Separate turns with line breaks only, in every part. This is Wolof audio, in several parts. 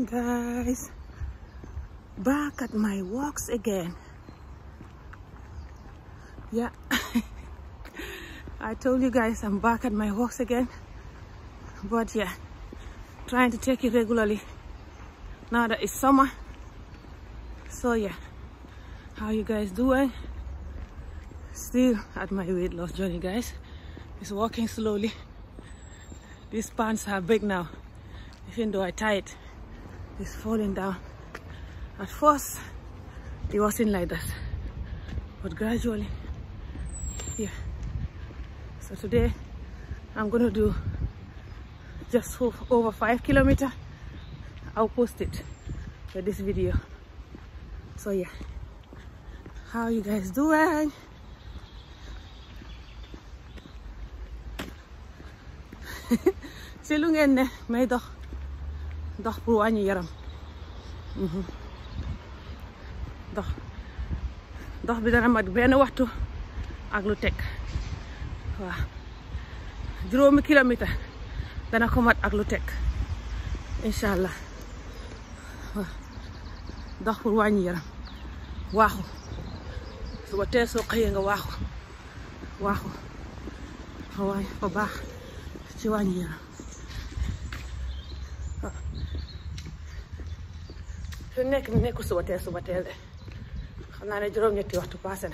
morning guys back at my walks again yeah I told you guys I'm back at my walks again but yeah trying to take it regularly now that it's summer so yeah how you guys doing still at my weight loss journey guys it's walking slowly these pants are big now even though I tie it is falling down. At first, it wasn't like this, but gradually, yeah. So today, I'm gonna do just over five kilometer. I'll post it for this video. So yeah, how you guys doing? Silungen, mij toch. dox pour wàññi yaram mhm. dox dox bi dana mat benn waxtu ak lu teg waaw juróomi dana ko ak lu teg incha allah waaw dox pour wàññi yaram waaxu suba teel soo xëyee nga waaxu waaxu waaye fa baax ci wàññi yaram ne netti waxtu passé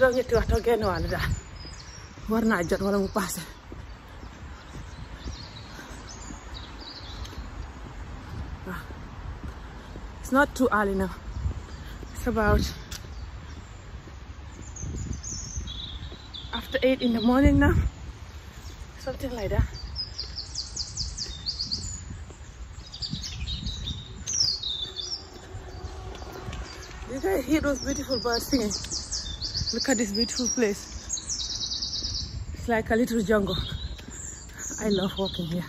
na netti waxtu genn jot wala mu passé it's not too early now it's about after eight in the morning now something like that guys, it was beautiful, singing. look at this beautiful place. It's like a little jungle. I love walking here.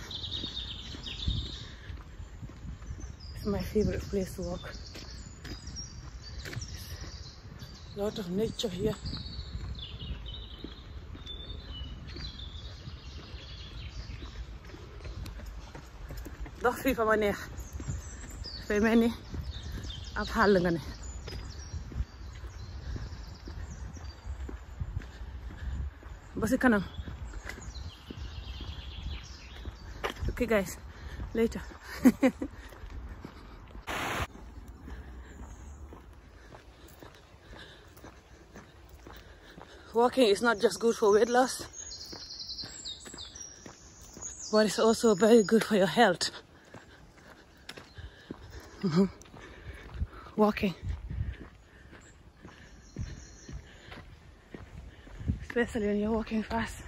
It's my favorite place to walk. A lot of nature here. ضخ فيك مانيح فهماني أبحال لغني basi called? okay guys later walking is not just good for weight loss but it's also very good for your health walking especially when you're walking fast.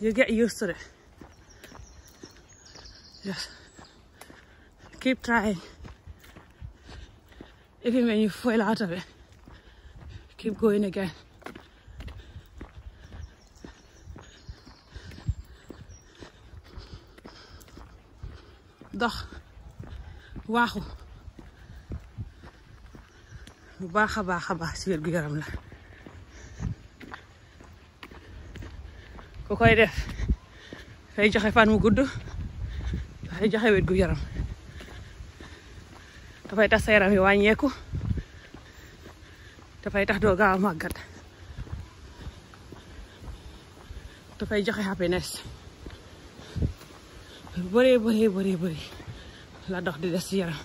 You get used to it. Just keep trying. Even when you fall out of it, keep going again. waaxu bu baax a baax a baax ci wér gu yaram la ku koy def dafay joxe fan mu gudd dafay joxe wér gu yaram dafay tax sa yaram yi wàññeeku dafay tax doo gaaw a màggat dafay joxe happiness bëree bëree bëree bëri la dox di dess yaram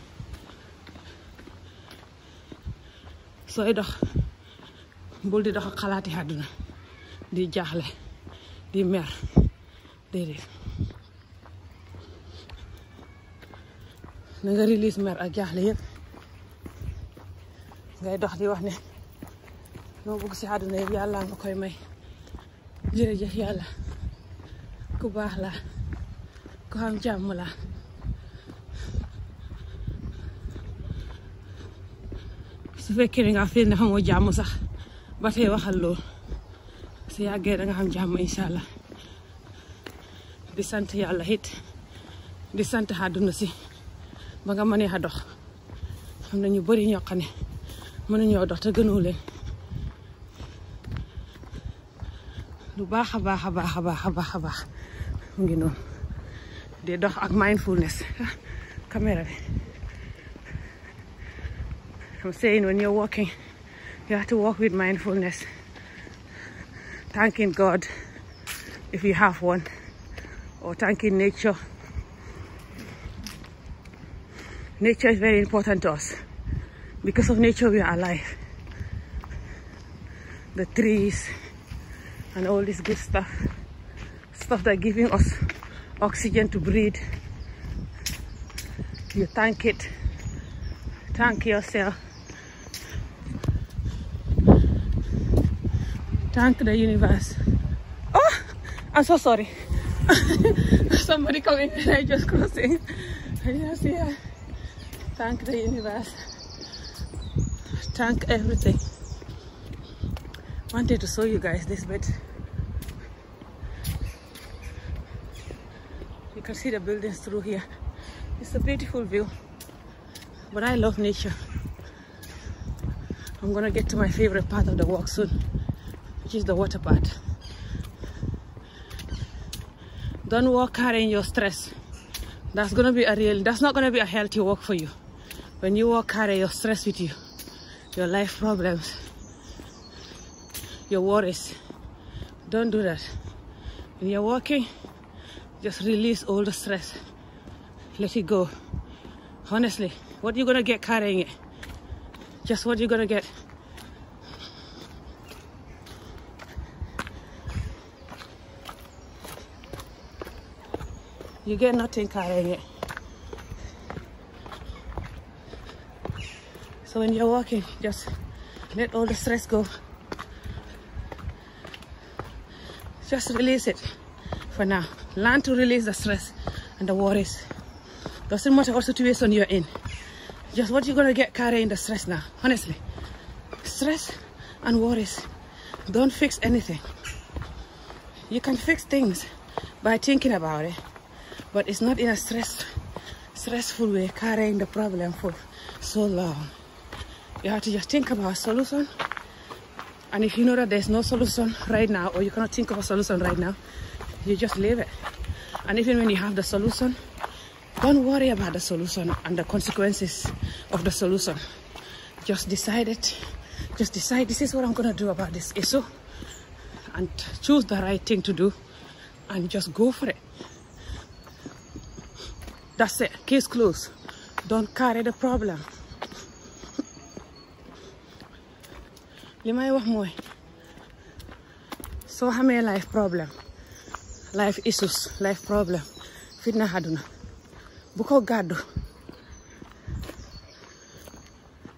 soy dox bul di dox xalaati haduna di jaxle di mer dede na nga release mer ak jaxle yeb ngay dox di wax ne no bëgg ci haduna yeb yalla nga koy may jere jërëjëf yalla ku baax la ku am jamm la su fekkee ne nga feel ne xamoo jàmm sax ba tey waxal lool su yàggee da xam jàmm incha allah di sant yàlla it di sant àdduna si ba nga mënee a dox xam na ñu bëri ñoo xam ne mënuñoo dox te gënoo leen lu baax a baax a baax a baax a baax a baax mu ngi noonu de dox ak mindfulness ah, caméra bi I'm saying when you're walking, you have to walk with mindfulness, thanking God if you have one, or thanking nature. Nature is very important to us. Because of nature, we are alive. The trees and all this good stuff, stuff that giving us oxygen to breathe. You thank it, thank yourself. Thank the universe. Oh, I'm so sorry. Somebody coming and I just crossing. I didn't see Thank the universe. Thank everything. Wanted to show you guys this bit. You can see the buildings through here. It's a beautiful view. But I love nature. I'm gonna get to my favorite part of the walk soon which is the water part. Don't walk carrying your stress. That's gonna be a real, that's not gonna be a healthy walk for you. When you walk carrying your stress with you, your life problems, your worries, don't do that. When you're walking, just release all the stress. Let it go. Honestly, what are you gonna get carrying it? Just what you're gonna get. you get nothing carrying it. Eh? So when you're walking, just let all the stress go. Just release it for now. Learn to release the stress and the worries. Doesn't matter what situation you're in. Just what you're gonna get carrying the stress now, honestly. Stress and worries don't fix anything. You can fix things by thinking about it but it's not in a stress stressful way carrying the problem for so long you have to just think about a solution and if you know that there's no solution right now or you cannot think of a solution right now you just leave it and even when you have the solution don't worry about the solution and the consequences of the solution just decide it just decide this is what i'm gonna do about this issue and choose the right thing to do and just go for it that's it. Case closed. Don't carry the problem. Limay may wax So, soo xamee life problem life issues life problem fitna àdduna bu ko gàddu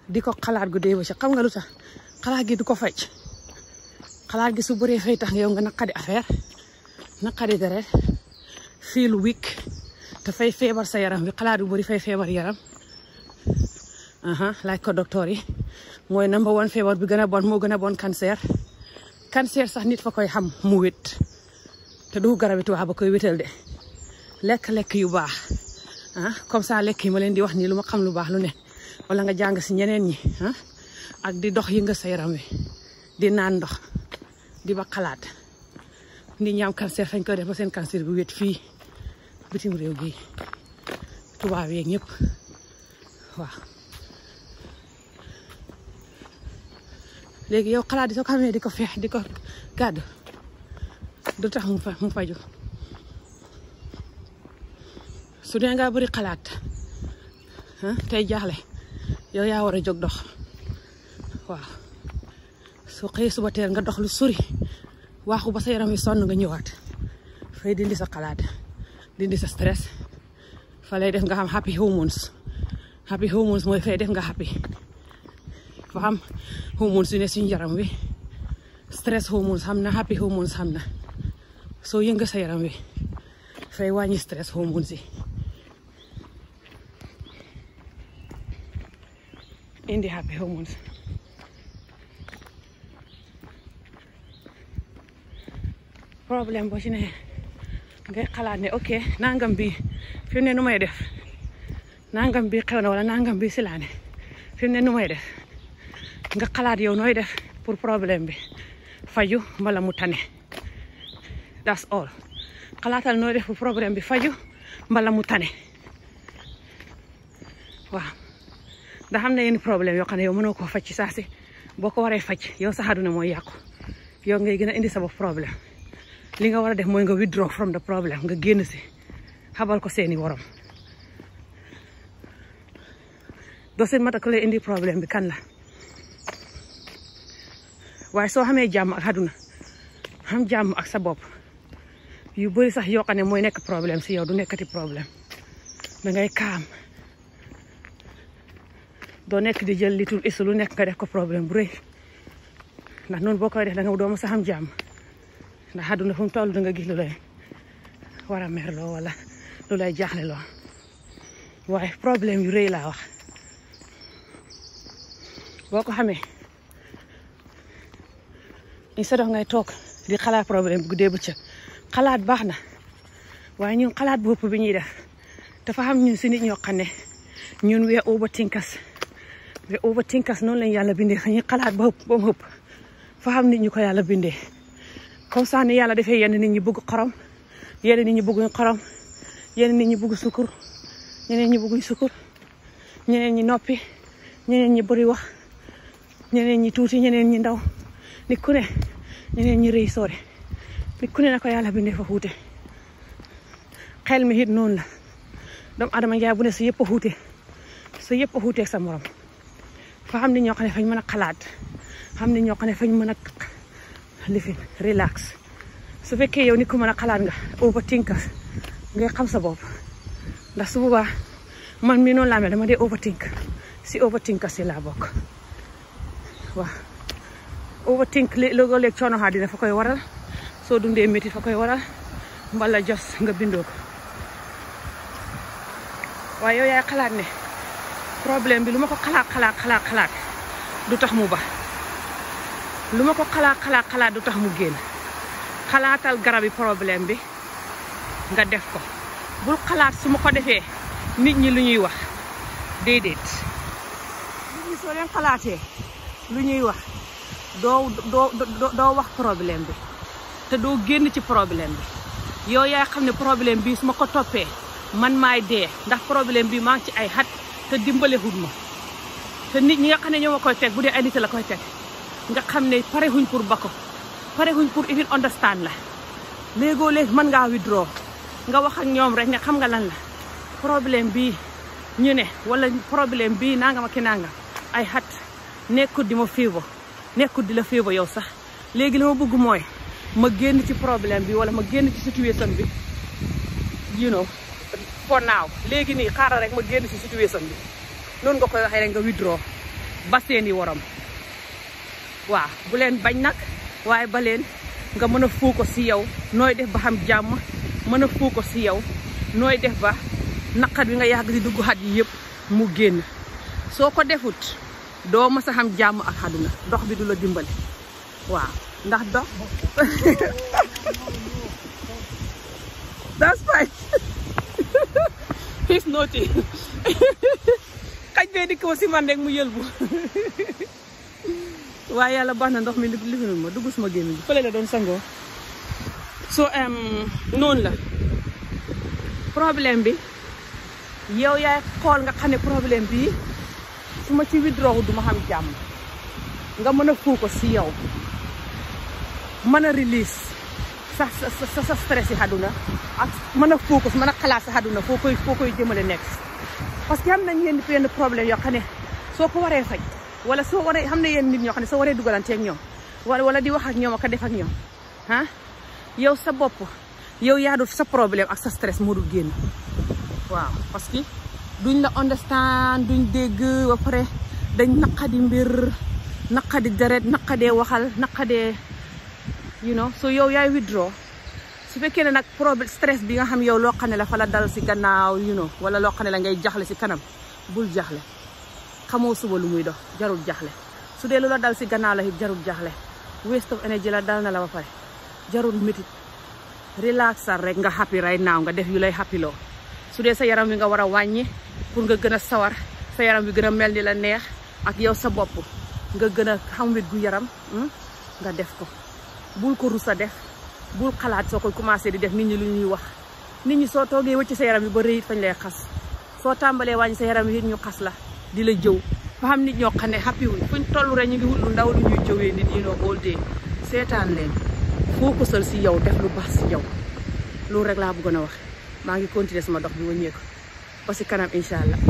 di ko xalaat gu dee ba ci xam nga lusa. tax xalaat gi du ko faj xalaat gi su bëree fay tax yow nga naqadi affaire naqadi deret feel weak dafay febar sa yaram bi xalaat bu bari fay febar yaram laaj ko docteur yi mooy number one febar bi gën a bon moo gën a bon cancer cancer sax nit fa koy xam mu wét te du garabi tubaab ba koy wétal de lekk-lekk yu baax ah comme ça lekk yi ma leen di wax ni lu ma xam lu baax lu ne wala nga jàng si ñeneen ñi ah ak di dox nga sa yaram wi di naan ndox di ba xalaat nit ñi am cancer fañ koy def ba seen cancer bi wét fii bitim réew gi tubaab yeeg ñëpp waaw léegi yow xalaat soo ko xamee di ko feex di ko gàddu du tax mu fa mu faju su dee ngaa bëri xalaat ah, tey jaaxle yow yaa war a jóg dox waaw su xëyee suba teel nga dox lu sori waaxu ba sa yaram wi sonn nga ñëwaat fay dindi sa xalaat dindi sa stress fa lay def nga xam happy hormones happy hormones mooy fay def nga happy fa xam hormones yu ne yaram wi stress hormones xam na happy hormones xam na soo yënga sa yaram wi fay wàññi stress hormones yi indi happy hormones problème boo ci ne ngay xalaat ne ok nangam bi fi mu ne nu may def nangam bi xew na wala nangam bi si laa ne fi mu ne nu may def nga xalaat yow nooy def pour problème bi faju mbala mu tane that's all xalaatal nooy def problème bi faju mbala mu tane waaw da xam ne yenn problème yoo xam ne yow mënoo koo faj ci saa si boo ko waree faj yow sa àdduna mooy yàqu yow ngay gën a indi sa bopp problème li nga wara def moy nga withdraw from the problem nga genn ci xabal ko seeni worom do seen mata ko lay indi problem bi kan la way so xamee jàmm ak haduna xam jàmm ak sa bop yu bëri sax yo xane moy nek problem ci yow du problem da ngay kaam do nek di jël litul isu lu nek nga def ko problem bu reuy ndax non bokoy def da nga ma sa xam ndax àdduna fu mu toll da nga gis lu lay war a merloo wala lu lay jaaxle loo waaye problème yu rëy laa wax boo ko xamee ni sa dox ngay toog di xalaat problème bi guddee bëccëg xalaat baax na waaye ñun xalaat bopp bi ñuy def dafa xam ñun si nit ñoo xam ne ñun we overthinkers we overthinkers noonu lañ yàlla bindee sañuy xalaat ba ëpp ba mu ëpp fa xam ni ñu ko yàlla bindee comme ça ni yàlla defee yenn nit ñi bugg xorom yenn nit ñi bugg xorom yenn nit ñi bugg sukur ñeneen ñi bëgguñ sukur ñeneen ñi noppi ñeneen ñi bëri wax ñeneen ñi tuuti ñeneen ñi ndaw ni ku ne ñeneen ñi rëy soore ni ku na ko yàlla bindee fa xuute xel mi it noonu la doomu adama njaay bu ne sa yëpp a xuute sa yëpp a xuuteeg sa morom fa xam ni ñoo xam ne fañ mën a xalaat xam ni ñoo xam ne fañ mën a living relax su fekkee yow nit ku mën a xalaat nga overthinker ngay xam sa bopp ndax su boobaa man mii noonu laa mel dama dee overthink si overthinker si laa bokk waaw overthink léeg-léeg coono xaa dina fa koy waral soo dundee métti fa koy waral mbala jos nga bindoo ko waaye yow yaay xalaat ne problème bi lu ma ko xalaat xalaat xalaat xalaat du tax mu ba luma ko khala khala khala du tax mu genn xalaatal garabi problème bi nga def ko bul xalaat suma ko defé nit ñi lu ñuy wax dedet nit ñi so len xalaatee lu ñuy wax do do do wax problème bi te do genn ci problème bi yo ya xamné problème bi suma ko topé man may dé ndax problème bi ma ci ay hat te dimbalé ma te nit ñi nga xamné ñoo koy la koy tek nga xam ne pare huñ pour ba ko pare huñ pour even understand la léegoo léegi mën ngaa withdraw nga wax ak ñoom rek ne xam nga lan la problème bii ñu ne wala problème bii nangam ak ki nangam ay xat nekkut di ma fiibo nekkut di la fiibo yow sax léegi li ma bëgg mooy ma génn ci problème bi wala ma génn ci situation bi you know for léegi nii xaaral rek ma génn ci situation bi noonu nga koy waxee rek nga withdraw ba seeni waram wa bu len bañ nak waaye ba len nga meuna a fuu ko si yow noy def ba xam jàmm meuna a fuu ko si yow noy def ba naqar bi nga yag di dugg xat yi mu genn soko defut do ma sa xam jàmm ak haduna dox bi dula dimbal. dimbali waaw ndax dox that's right. he's naughty xaj bee dikk wa si man rek mu yelbu waaye yàlla baax na ndox mi lifinul ma dugg suma gémmiñ bi fële la doon sangoo so noonu la problème bi yow yaa xool nga xam ne problème bi suma ma ci withdraw du ma xam jàmm nga mën a foo si yow mën a release sa sa sa stress yi xaduna ak man a focus mën a xalaat si xaduna foo koy foo koy jëmale nekk parce que am nañ yenn yenn problème yoo xam ne soo ko waree faj wala soo waree xam ne yéen nit ñoo xam ne soo waree dugalante ak ñoom wala wala di wax ak ñoom ak a ñoom ah yow sa bopp yow yaa dul sa problème ak sa stress moo dul génn waaw parce que duñ la understand duñ dégg ba pare dañ naqadi mbir naqadi deret naqadee waxal naqadee you know so yow yaay withdraw su fekkee ne nag problème stress bi nga xam yow loo xam ne la fa la dal si gannaaw you know wala loo xam ne la ngay jaxle si kanam bul jaxle xamoo suba lu muy dox jarul jaxle su de lula dal si gannaaw la jarul jaxle waste of energy la dal na la ba pare jarul metit relax rek nga happy right now nga def yu lay happy lo. su hmm? de sa yaram wi nga wara wañi pour nga gëna sawar sa yaram wi gëna mel ni la neex ak yow sa bop nga gëna xam wet gu yaram nga def ko bul ko rusa def bul xalaat soo koy commencé di def nit ñi lu ñuy wax nit ñi so toge wëcc sa yaram wi ba reuy fañ lay xass so tambalé wañ sa yaram wi ñu xass la di la jëw ba xam ni ñoo xam ne xàppi wuñ fuñ tollu rek ñu ngi wut lu ndaw lu ñuy jëwee nit yi noo all day seetaan leen focusal si yow def lu baax si yow loolu rek laa bëggoon a wax maa ngi continuer sama dox bi wàññeeku ba si kanam incha allah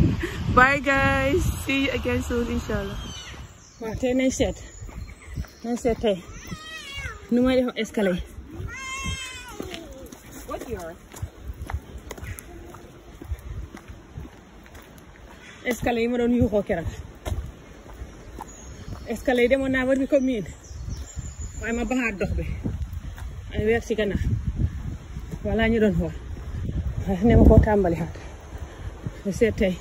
bye guys see you again soon incha allah. waaw tey seet nañ seet tey nu may def escalier. escalator on you hokera escalator mo nawar mi ko min way ma baha dox bi ay wer ci gannaaw wala ñu doon xool ne ma ko tàmbali xaat ñu seet tey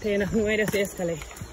tey nag nu may def